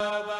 Baba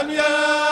am ya